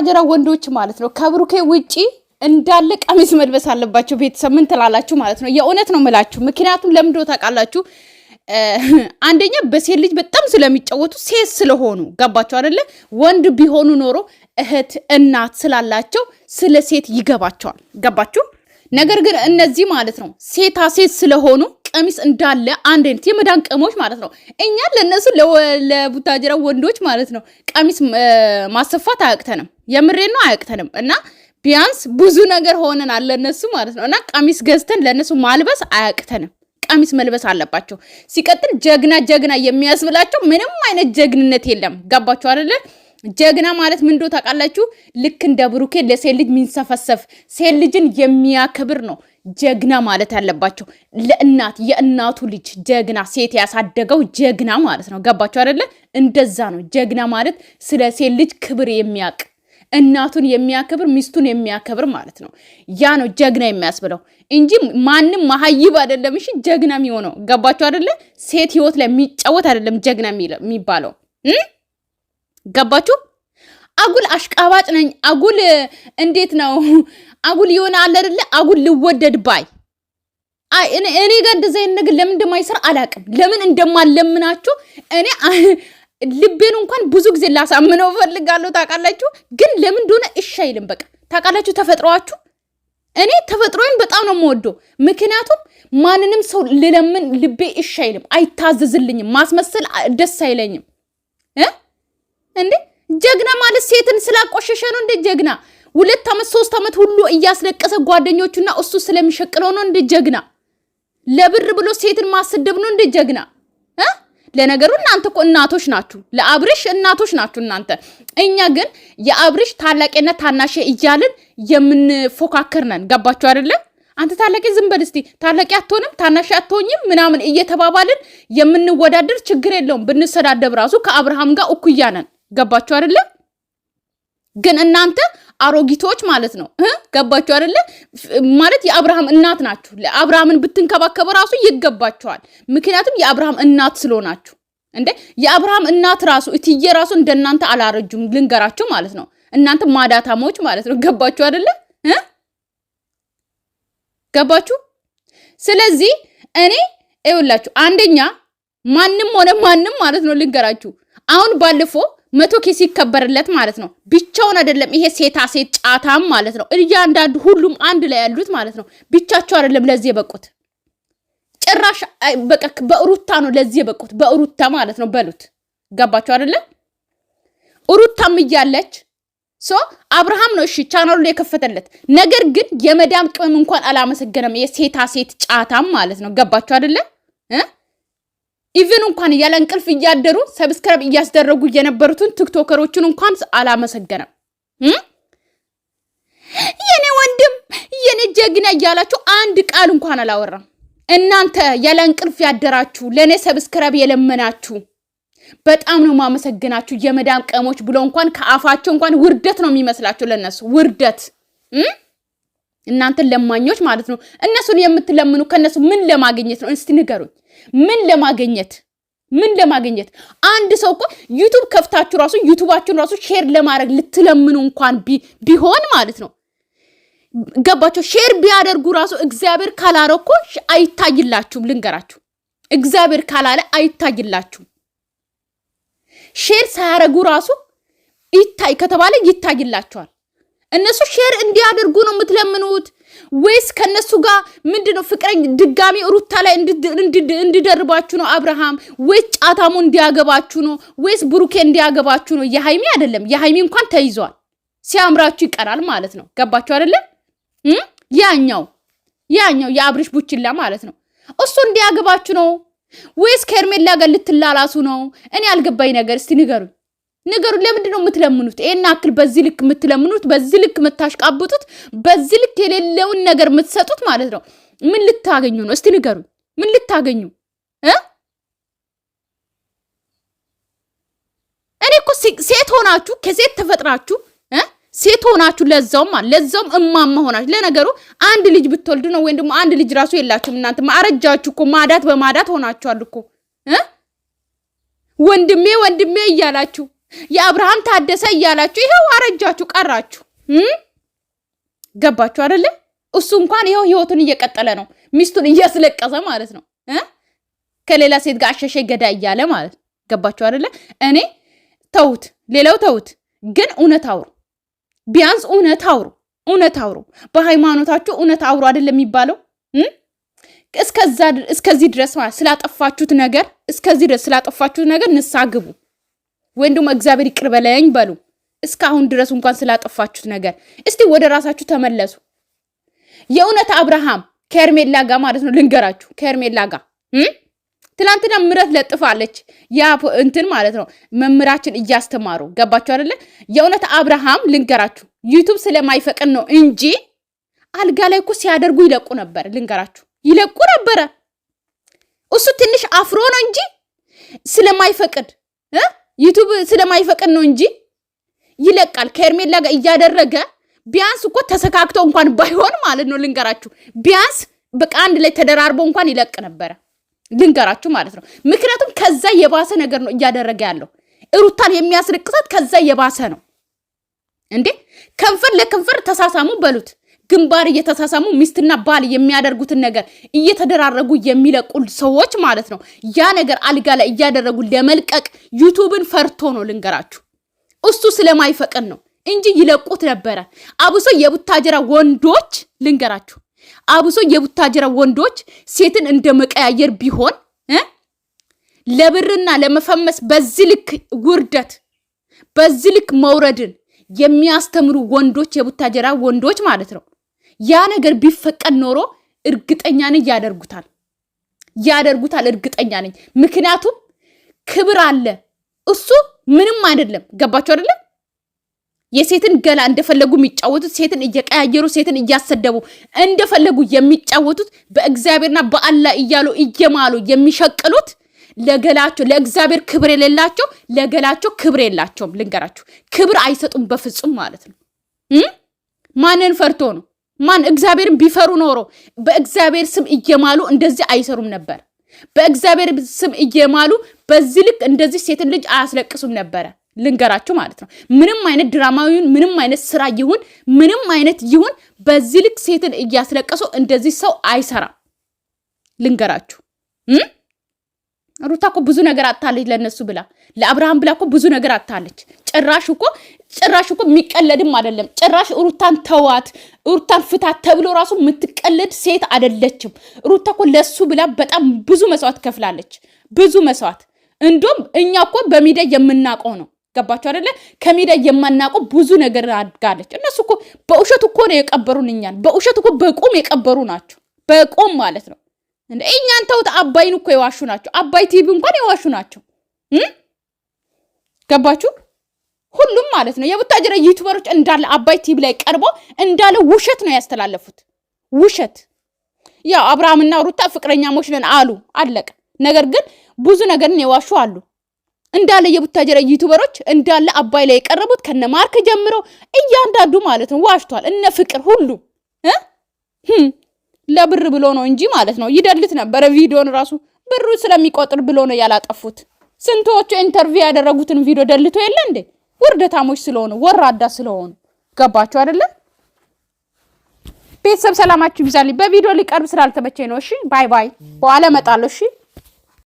ቡታጀራ ወንዶች ማለት ነው ከብሩኬ ውጪ እንዳለ ቀሚስ መልበስ አለባቸው። ቤተሰብ ምን ትላላችሁ ማለት ነው? የእውነት ነው ምላችሁ። ምክንያቱም ለምዶ ታውቃላችሁ፣ አንደኛ በሴት ልጅ በጣም ስለሚጫወቱ ሴት ስለሆኑ ገባቸው አደለ? ወንድ ቢሆኑ ኖሮ እህት እናት ስላላቸው ስለ ሴት ይገባቸዋል። ገባችሁ? ነገር ግን እነዚህ ማለት ነው ሴታ ሴት ስለሆኑ ቀሚስ እንዳለ አንድ አይነት የመዳን ቅሞች ማለት ነው። እኛ ለእነሱ ለቡታጅራ ወንዶች ማለት ነው ቀሚስ ማሰፋት አያቅተንም። የምሬን ነው አያቅተንም። እና ቢያንስ ብዙ ነገር ሆነናል ለእነሱ ማለት ነው። እና ቀሚስ ገዝተን ለእነሱ ማልበስ አያቅተንም። ቀሚስ መልበስ አለባቸው። ሲቀጥል ጀግና ጀግና የሚያስብላቸው ምንም አይነት ጀግንነት የለም። ገባችሁ አይደለ? ጀግና ማለት ምንዶ ታውቃላችሁ? ልክ እንደ ብሩኬ ለሴት ልጅ የሚንሰፈሰፍ ሴት ልጅን የሚያከብር ነው። ጀግና ማለት ያለባቸው ለእናት የእናቱ ልጅ ጀግና ሴት ያሳደገው ጀግና ማለት ነው። ገባቸው አደለ እንደዛ ነው ጀግና ማለት ስለ ሴት ልጅ ክብር የሚያውቅ እናቱን የሚያከብር ሚስቱን የሚያከብር ማለት ነው። ያ ነው ጀግና የሚያስብለው እንጂ ማንም መሀይብ አይደለም። እሺ ጀግና የሚሆነው ገባቸው አደለ ሴት ህይወት ላይ የሚጫወት አይደለም ጀግና የሚባለው ገባችሁ? አጉል አሽቃባጭ ነኝ። አጉል እንዴት ነው? አጉል የሆነ አለ አጉል ልወደድ ባይ አይ እኔ እኔ ጋር እንደዚህ አይነት ነገር ለምን እንደማይሰራ አላውቅም። ለምን እንደማለምናችሁ እኔ ልቤን እንኳን ብዙ ጊዜ ላሳምነው ፈልጋለሁ ታውቃላችሁ፣ ግን ለምን እንደሆነ እሺ አይልም። በቃ ታውቃላችሁ፣ ተፈጥሯችሁ እኔ ተፈጥሮዬን በጣም ነው የምወደው። ምክንያቱም ማንንም ሰው ልለምን ልቤ እሺ አይልም፣ አይታዘዝልኝም፣ ማስመሰል ደስ አይለኝም እንዴ ጀግና ማለት ሴትን ስላቆሸሸ ነው እንደ ጀግና ሁለት ዓመት ሶስት ዓመት ሁሉ እያስለቀሰ ጓደኞቹና እሱ ስለሚሸቅለው ነው እንደ ጀግና ለብር ብሎ ሴትን ማስደብ ነው እንደ ጀግና ለነገሩ እናንተ እኮ እናቶች ናችሁ፣ ለአብርሽ እናቶች ናችሁ እናንተ። እኛ ግን የአብርሽ ታላቂነት ታናሼ እያልን የምንፎካከር ነን። ገባችሁ አይደለም? አንተ ታላቂ ዝም በል እስቲ፣ አትሆንም፣ ታናሽ አትሆኝም ምናምን እየተባባልን የምንወዳደር ችግር የለውም ብንሰዳደብ ራሱ ከአብርሃም ጋር እኩያ ነን። ገባችሁ አይደለ? ግን እናንተ አሮጊቶች ማለት ነው። ገባችሁ አይደለ? ማለት የአብርሃም እናት ናችሁ። አብርሃምን ብትንከባከበ ራሱ ይገባችኋል። ምክንያቱም የአብርሃም እናት ስለሆናችሁ። እንዴ የአብርሃም እናት ራሱ እትዬ ራሱ እንደናንተ አላረጁም። ልንገራችሁ ማለት ነው። እናንተ ማዳታሞች ማለት ነው። ገባችሁ አይደለ? ገባችሁ። ስለዚህ እኔ ይኸውላችሁ አንደኛ ማንም ሆነ ማንም ማለት ነው ልንገራችሁ አሁን ባለፈው መቶ ኬ ሲከበርለት ማለት ነው። ብቻውን አይደለም ይሄ ሴታ ሴት ጫታም ማለት ነው። እያንዳንዱ ሁሉም አንድ ላይ ያሉት ማለት ነው። ብቻቸው አይደለም ለዚህ የበቁት ጭራሽ በቃ በሩታ ነው ለዚህ የበቁት በሩታ ማለት ነው። በሉት ገባቸው አይደለ? ሩታም እያለች ሶ አብርሃም ነው እሺ ቻናሉ የከፈተለት ነገር ግን የመዳም ቅመም እንኳን አላመሰገነም። የሴታ ሴት ጫታም ማለት ነው። ገባቸው አይደለ? ኢቨን እንኳን ያለ እንቅልፍ እያደሩ ሰብስክራይብ እያስደረጉ የነበሩትን ቲክቶከሮችን እንኳን አላመሰገነም። የኔ ወንድም የኔ ጀግና እያላችሁ አንድ ቃል እንኳን አላወራም። እናንተ ያለ እንቅልፍ ያደራችሁ ለእኔ ሰብስክራይብ የለመናችሁ በጣም ነው ማመሰግናችሁ። የመዳም ቀሞች ብሎ እንኳን ከአፋቸው እንኳን ውርደት ነው የሚመስላቸው ለነሱ ውርደት። እናንተን ለማኞች ማለት ነው። እነሱን የምትለምኑ ከነሱ ምን ለማግኘት ነው? እስቲ ንገሩኝ። ምን ለማግኘት ምን ለማግኘት አንድ ሰው እኮ ዩቱብ ከፍታችሁ ራሱ ዩቱባችሁን ራሱ ሼር ለማድረግ ልትለምኑ እንኳን ቢሆን ማለት ነው ገባቸው። ሼር ቢያደርጉ ራሱ እግዚአብሔር ካላረ እኮ አይታይላችሁም። ልንገራችሁ፣ እግዚአብሔር ካላለ አይታይላችሁም። ሼር ሳያደርጉ ራሱ ይታይ ከተባለ ይታይላችኋል። እነሱ ሼር እንዲያደርጉ ነው የምትለምኑት ወይስ ከነሱ ጋር ምንድን ነው ፍቅረኝ ድጋሚ ሩታ ላይ እንዲደርባችሁ ነው አብርሃም? ወይስ ጫታሙ እንዲያገባችሁ ነው? ወይስ ብሩኬ እንዲያገባችሁ ነው? የሃይሚ አይደለም። የሃይሚ እንኳን ተይዟል። ሲያምራችሁ ይቀራል ማለት ነው። ገባችሁ አይደለም? ያኛው ያኛው የአብርሽ ቡችላ ማለት ነው። እሱ እንዲያገባችሁ ነው ወይስ ከርሜላ ጋር ልትላላሱ ነው? እኔ አልገባኝ ነገር እስቲ ንገሩኝ። ነገሩ ለምንድን ነው የምትለምኑት? ይሄን አክል በዚህ ልክ የምትለምኑት፣ በዚህ ልክ የምታሽቃብጡት፣ በዚህ ልክ የሌለውን ነገር የምትሰጡት ማለት ነው። ምን ልታገኙ ነው? እስቲ ንገሩኝ። ምን ልታገኙ እኔ እኮ ሴት ሆናችሁ ከሴት ተፈጥራችሁ ሴት ሆናችሁ ለዛውም ለዛውም እማማ ሆናችሁ። ለነገሩ አንድ ልጅ ብትወልዱ ነው ወይም ደግሞ አንድ ልጅ ራሱ የላችሁም እናንተ ማረጃችሁ እኮ ማዳት በማዳት ሆናችኋል እኮ ወንድሜ ወንድሜ እያላችሁ የአብርሃም ታደሰ እያላችሁ ይኸው አረጃችሁ ቀራችሁ። ገባችሁ አደለ? እሱ እንኳን ይኸው ህይወቱን እየቀጠለ ነው፣ ሚስቱን እያስለቀሰ ማለት ነው። ከሌላ ሴት ጋር አሸሸ ገዳ እያለ ማለት ነው። ገባችሁ አደለ? እኔ ተውት፣ ሌላው ተውት፣ ግን እውነት አውሩ። ቢያንስ እውነት አውሩ፣ እውነት አውሩ። በሃይማኖታችሁ እውነት አውሩ አደለ የሚባለው እስከዚህ ድረስ ስላጠፋችሁት ነገር፣ እስከዚህ ድረስ ስላጠፋችሁት ነገር ንሳ ግቡ። ወይም ደግሞ እግዚአብሔር ይቅር በለኝ በሉ። እስካሁን ድረስ እንኳን ስላጠፋችሁት ነገር እስቲ ወደ ራሳችሁ ተመለሱ። የእውነት አብርሃም ከርሜላ ጋር ማለት ነው ልንገራችሁ፣ ከርሜላ ጋር ትላንትና ምረት ለጥፋለች። ያ እንትን ማለት ነው መምህራችን እያስተማሩ ገባችሁ አይደለ? የእውነት አብርሃም ልንገራችሁ፣ ዩቱብ ስለማይፈቅድ ነው እንጂ አልጋ ላይ እኮ ሲያደርጉ ይለቁ ነበር። ልንገራችሁ ይለቁ ነበረ። እሱ ትንሽ አፍሮ ነው እንጂ ስለማይፈቅድ ዩቱብ ስለማይፈቅድ ነው እንጂ ይለቃል። ከሄርሜላ ጋር እያደረገ ቢያንስ እኮ ተሰካክቶ እንኳን ባይሆን ማለት ነው ልንገራችሁ፣ ቢያንስ በቃ አንድ ላይ ተደራርቦ እንኳን ይለቅ ነበረ ልንገራችሁ ማለት ነው። ምክንያቱም ከዛ የባሰ ነገር ነው እያደረገ ያለው እሩታን የሚያስለቅሳት ከዛ የባሰ ነው እንዴ። ከንፈር ለከንፈር ተሳሳሙ በሉት ግንባር እየተሳሳሙ ሚስትና ባል የሚያደርጉትን ነገር እየተደራረጉ የሚለቁ ሰዎች ማለት ነው። ያ ነገር አልጋ ላይ እያደረጉ ለመልቀቅ ዩቱብን ፈርቶ ነው ልንገራችሁ። እሱ ስለማይፈቅድ ነው እንጂ ይለቁት ነበረ። አብሶ የቡታጀራ ወንዶች ልንገራችሁ፣ አብሶ የቡታጀራ ወንዶች ሴትን እንደ መቀያየር ቢሆን ለብርና ለመፈመስ በዚህ ልክ ውርደት፣ በዚህ ልክ መውረድን የሚያስተምሩ ወንዶች የቡታጀራ ወንዶች ማለት ነው ያ ነገር ቢፈቀድ ኖሮ እርግጠኛ ነኝ ያደርጉታል፣ ያደርጉታል እርግጠኛ ነኝ። ምክንያቱም ክብር አለ፣ እሱ ምንም አይደለም። ገባቸው አይደለም? የሴትን ገላ እንደፈለጉ የሚጫወቱት ሴትን እየቀያየሩ ሴትን እያሰደቡ እንደፈለጉ የሚጫወቱት በእግዚአብሔርና በአላ እያሉ እየማሉ የሚሸቅሉት ለገላቸው ለእግዚአብሔር ክብር የሌላቸው ለገላቸው ክብር የላቸውም። ልንገራችሁ፣ ክብር አይሰጡም በፍጹም ማለት ነው። ማንን ፈርቶ ነው? ማን እግዚአብሔርን ቢፈሩ ኖሮ በእግዚአብሔር ስም እየማሉ እንደዚህ አይሰሩም ነበር። በእግዚአብሔር ስም እየማሉ በዚህ ልክ እንደዚህ ሴትን ልጅ አያስለቅሱም ነበረ። ልንገራችሁ ማለት ነው። ምንም አይነት ድራማዊውን ምንም አይነት ስራ ይሁን ምንም አይነት ይሁን በዚህ ልክ ሴትን እያስለቀሱ እንደዚህ ሰው አይሰራም። ልንገራችሁ ሩታ እኮ ብዙ ነገር አጥታለች። ለነሱ ብላ ለአብርሃም ብላ እኮ ብዙ ነገር አጥታለች። ጭራሽ እኮ ጭራሽ እኮ የሚቀለድም አይደለም። ጭራሽ ሩታን ተዋት፣ ሩታን ፍታት ተብሎ ራሱ የምትቀለድ ሴት አይደለችም። ሩታ እኮ ለሱ ብላ በጣም ብዙ መስዋዕት ከፍላለች። ብዙ መስዋዕት እንዲሁም እኛ እኮ በሚዲያ የምናውቀው ነው። ገባቸው አይደለ? ከሚዲያ የማናውቀው ብዙ ነገር አድጋለች። እነሱ እኮ በውሸት እኮ ነው የቀበሩን እኛን። በውሸት እኮ በቁም የቀበሩ ናቸው። በቁም ማለት ነው እንደ እኛን ተውት። አባይን እኮ የዋሹ ናቸው። አባይ ቲቪ እንኳን የዋሹ ናቸው። ገባችሁ? ሁሉም ማለት ነው የቡታጅራ ዩቱበሮች እንዳለ አባይ ቲቪ ላይ ቀርቦ እንዳለ ውሸት ነው ያስተላለፉት። ውሸት ያው አብርሃምና ሩታ ፍቅረኛሞች ነን አሉ፣ አለቀ። ነገር ግን ብዙ ነገርን የዋሹ አሉ። እንዳለ የቡታጀራ ዩቱበሮች እንዳለ አባይ ላይ የቀረቡት ከነ ማርክ ጀምሮ እያንዳንዱ ማለት ነው ዋሽቷል። እነ ፍቅር ሁሉ ለብር ብሎ ነው እንጂ ማለት ነው። ይደልት ነበረ ቪዲዮን ራሱ ብሩ ስለሚቆጥር ብሎ ነው ያላጠፉት። ስንቶቹ ኢንተርቪው ያደረጉትን ቪዲዮ ደልቶ የለ እንዴ? ውርደታሞች ስለሆኑ ወራዳ ስለሆኑ ገባችሁ አይደለ? ቤተሰብ ሰላማችሁ ይብዛልኝ። በቪዲዮ ሊቀርብ ስላልተመቸኝ ነው። እሺ ባይ ባይ። በኋላ እመጣለሁ። እሺ